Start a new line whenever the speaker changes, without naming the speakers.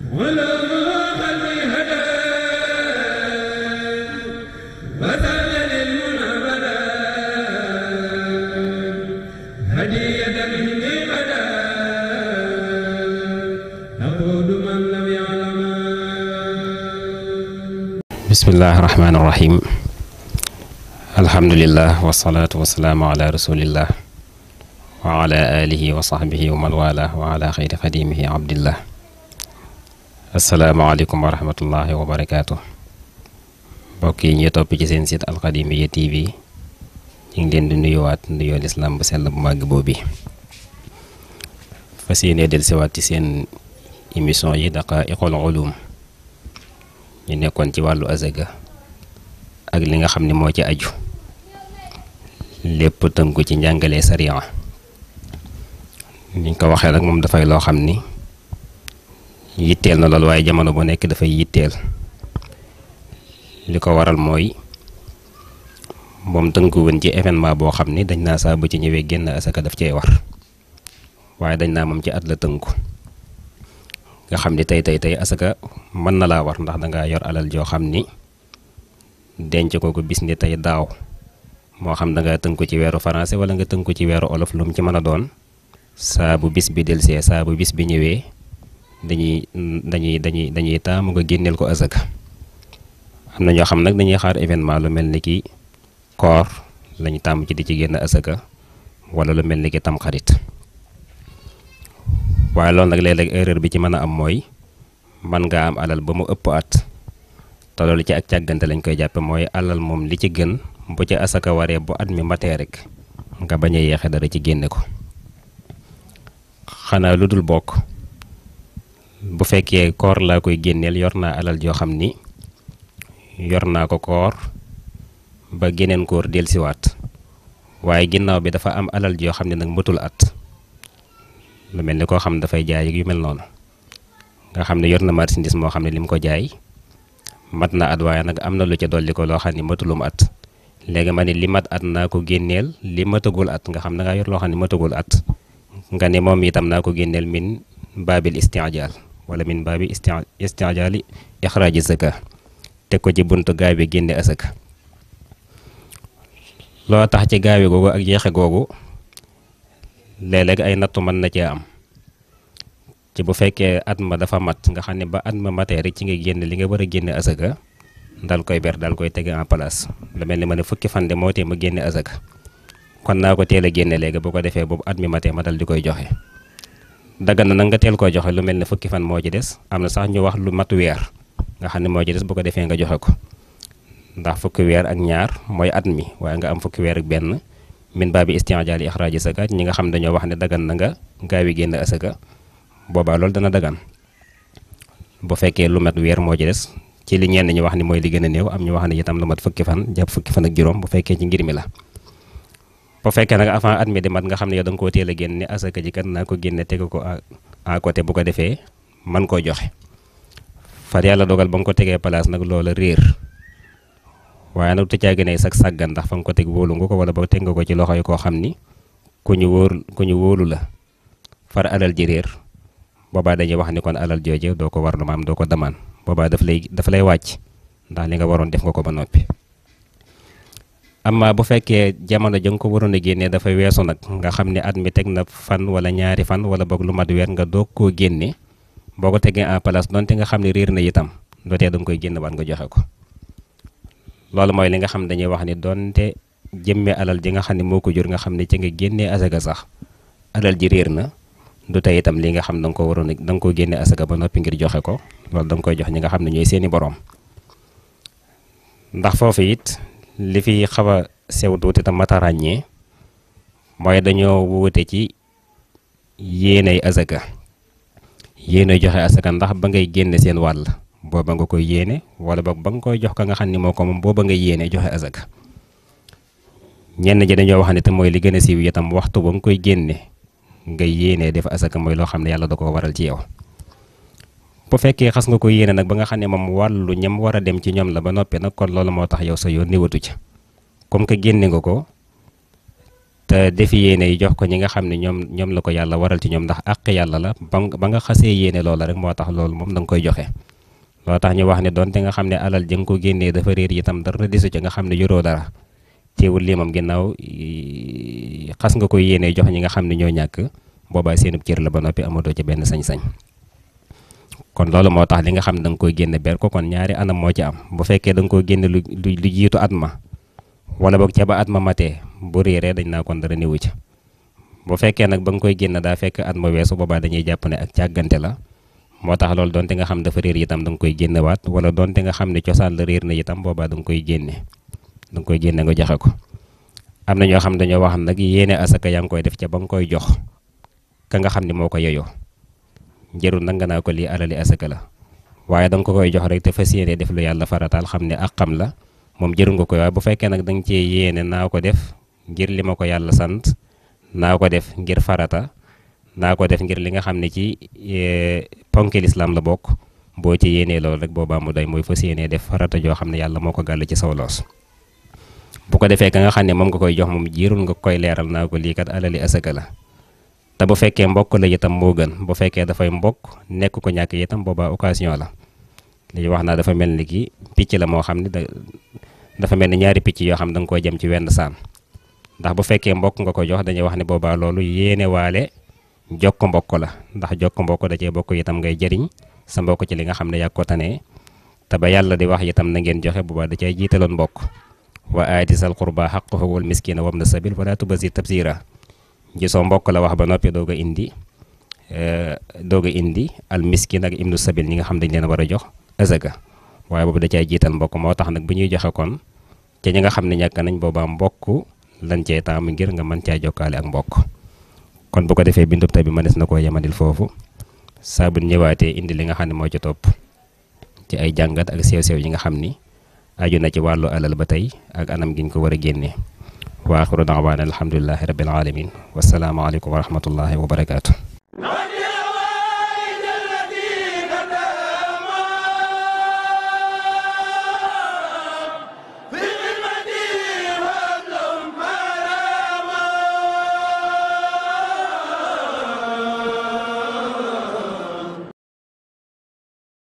بسم الله الرحمن الرحيم الحمد لله والصلاة والسلام على رسول الله وعلى آله وصحبه ومن والاه وعلى خير قديمه عبد الله Assalamualaikum warahmatullahi wabarakatuh. bokki ñi topi ci seen site alxadimiya tv ñi ngi leen di nuyuwaat nuyoo l'islam bu sell bu màgg boobu fas yéene dellusiwaat ci seen émission yi daqaa'iqul ulum ñu nekkoon ci wàllu azaga ak li nga xam ne ci aju lépp tënku ci njàngale sariya niñ ko waxee nag moom dafay loo xam ni yitteel na lool waaye jamono bu nekk dafay yitteel li ko waral mooy moom tënku wën ci événement boo xam ni dañ naa saa bu ci ñëwee génn asaka daf cee war waaye dañ naa moom ci at la tënku nga xam ni tey tey tey asaka mën na laa war ndax dangaa yor alal joo xam ni denc ko ko bis ni tey daaw moo xam da nga tënku ci weeru français wala nga tënku ci weeru olof lu mu ci mën a doon saa bis bi delsee saa bu bis bi ñëwee dañuy dañuy dañuy dañuy taamu nga génneel ko asaka am na ñoo xam nag dañuy xaar événement lu mel ni ki koor lañu tàmm ci di ci génn asaka wala lu mel ni ki tamxarit xarit waaye loolu nag léeg-léeg erreur bi ci mën a am mooy man nga am alal ba mu ëpp at te loolu ci ak càggante lañ koy jàppe mooy alal moom li ci gën bu ci asaka waree bu at mi matee rek nga bañ a yeexe dara ci génne ko xanaa lu dul bokk bu fekke koor la koy gennel yorna alal jo xamni yorna ko koor ba genen koor wat waye ginnaw bi dafa am alal jo xamni nak nag at lu melni ko xam da fay jaay yu mel non nga xamni yorna na marchandise mo xamni lim ko jaay mat na at waaye nag am lu ci doli ko lo xamni ne at legi mani limat at na ko gennel limatagul at nga xam ne yor lo xamni matagul at nga ne mom itam na ko gennel min babil isti'jal wala min baabi istijaali ixraaji zaka teg ko ci buntu gaawe génne asaka loo tax ci gaawe googu ak jeexe googu léeg-léeg ay nattu mën na cee am ci bu fekkee at ma dafa mat nga xam ne ba at ma matee rek ci nga génn li nga war a génne asaka dal koy ber dal koy tege en place lu mel ni ma ne fukki fan de moo tee ma génne asaka kon naa ko teel a génne léegi bu ko defee boobu at mi matee ma dal di koy joxe daggan na nag nga teel koo joxe lu mel ni fukki fan moo ci des am na sax ñu wax lu mat weer nga xam ne moo ci des bu ko defee nga joxe ko ndax fukki weer ak ñaar mooy at mi waaye nga am fukki weer ak benn min baa bi isti'jaali ixraaji zakat ñi nga xam ne dañoo wax ne dagan na nga gaawi génn asaka boobaa loolu dana dagan bu fekkee lu mat weer moo ci des ci li ñenn ñu wax ni mooy li gën a néew am ñu wax ne itam lu mat fukki fan jàpp fukki fan ak juróom bu fekkee ci ngir mi la boo fekkee nag avant at mi mat nga xam ne yow da nga koo teel a génne asaka ji kat naa ko génne tegu ko à côté bu ko defee man koo joxe far yàlla dogal ba nga ko tegee place nag loola réer waaye nag tëccaa gi ne sag sàggan ndax fa nga ko teg wóolu nga ko wala ba teg nga ko ci loxo yi koo xam ni ku ñu wóor ku ñu wóolu la far alal ji réer boobaa dañuy wax ni kon alal jooje doo ko war lu maam doo ko damaan boobaa daf lay dafa lay wàcc ndax li waroon def nga ko ba noppi amma bu fekkee jamono ja nga ko waroon a génnee dafa weesu nag nga xam ne at mi teg na fan wala ñaari fan wala boog lu mat weer nga doog koo génne boo ko tegee en place donte nga xam ne réer na itam dootee da koy génn waat nga joxe ko loolu mooy li nga xam dañuy wax ni donte jëmme alal ji xam ne moo ko jur nga xam ne ci nga génnee asaka sax alal ji réer na du tey itam li nga xam da nga ko waroon a da nga koo génne asaka ba noppi ngir joxe ko loolu danga nga koy jox ñi nga xam ne ñooy seeni boroom ndax foofu it li fi xaw a sew tuuti te mat ràññee mooy dañoo wuute ci yéenay asaka yéenay joxe asaka ndax ba ngay génne seen wàll booba nga koy yéene wala ba ba nga koy jox ka nga xam ni moo ko moom booba nga yéene joxe asaka ñenn ji dañoo wax ne te mooy li gën a siiw itam waxtu ba nga koy génne nga yéene def asaka mooy loo xam ne yàlla da ko waral ci yow. bu fekkee xas nga ko yéene nag ba nga xam ne moom wàllu ñam war a dem ci ñoom la ba noppi nag kon loolu moo tax yow sa yoon niwatu ci comme que génne nga ko te defi yéene yi jox ko ñi nga xam ne ñoom ñoom la ko yàlla waral ci ñoom ndax àq yàlla la ba nga xasee yéene loola rek moo tax loolu moom da koy joxe. loo tax ñu wax ne donte nga xam ne alal ja nga ko génnee dafa réer itam dara desu ca nga xam ne yoroo dara teewul lii moom ginnaaw xas nga ko yéene jox ñi nga xam ne ñoo ñàkk boobaa seenub cër la ba noppi amatoo ci benn sañ-sañ. kon loolu moo tax li nga xam ne da nga koy génne ber ko kon ñaari anam moo ci am bu fekkee da nga koy génne lu lu jiitu at ma wala boog ca ba at ma matee bu réeree dañ naa kon dara néewu ca bu fekkee nag ba nga koy génne daa fekk at ma boobaa dañuy jàpp ne ak càggante la moo tax loolu donte nga xam dafa réer itam da nga koy génnewaat wala donte nga xam ne cosaan la na itam boobaa da nga koy génne da nga koy nga joxe ko am na ñoo xam dañoo wax nag yéene asaka yaa ngi koy def ca ba nga koy jox ka nga xam ne moo ko yeyoo jarul nanga naa ko lii alali asaka la waaye danga ko koy jox rek te fas yéene def lu yàlla farataal xam ne ak xam la moom jarul nga koy bu fekkee nag da nga cee yéene naa ko def ngir li ma ko yàlla sant naa ko def ngir farata naa ko def ngir li nga xam ne ci e, ponki lislaam la bokk boo ci yéenee lool rek boobaa mu day mooy fa yéenee def farata joo xam ne yàlla moo ko gàll ci saw loos bu ko defee ka nga xam ne moom nga koy jox moom jiirul nga koy leeral naa ko lii kat alali asaka la te bu fekkee mbokk la itam moo gën bu fekkee dafay mbokk nekk ko ñàkk itam boobaa occasion la li wax naa dafa mel ni ki picc la moo xam ne da dafa mel ni ñaari picc yoo xam ne da nga koy jëm ci wenn saan ndax bu fekkee mbokk nga ko jox dañuy wax ne boobaa loolu yéene waale jokk mbokk la ndax jokk mbokk da cee bokk itam ngay jëriñ sa mbokk ci li nga xam ne yàgg ko tane te ba yàlla di wax itam na ngeen joxe boobaa da cay jiitaloon mbokk wa aati sal qurba xaqahu wal miskina wabna sabil wala tubazir tabzira ci soo mbokk la wax ba noppi doog a indi eh, doog indi al miskin ak ibnu sabil ñi nga xam dañ leen war a jox asaka waaye boobu da cay jiital mbokk moo tax nag bu ñuy joxe kon ca ñi nga xam ne ñàkk nañ boobaa mbokk lañ cay taamu ngir nga mën caa jokkaale ak mbokk kon bu ko defee bindub tay bi mënees na koo yemanil foofu saa bu ñëwaatee indi li nga xam ne mooy ci topp ci ay jàngat ak sew-sew yi nga xam ni aju na ci wàllu alal ba tey ak anam giñ ko war a génnee واخر دعوانا الحمد لله رب العالمين والسلام عليكم ورحمه الله وبركاته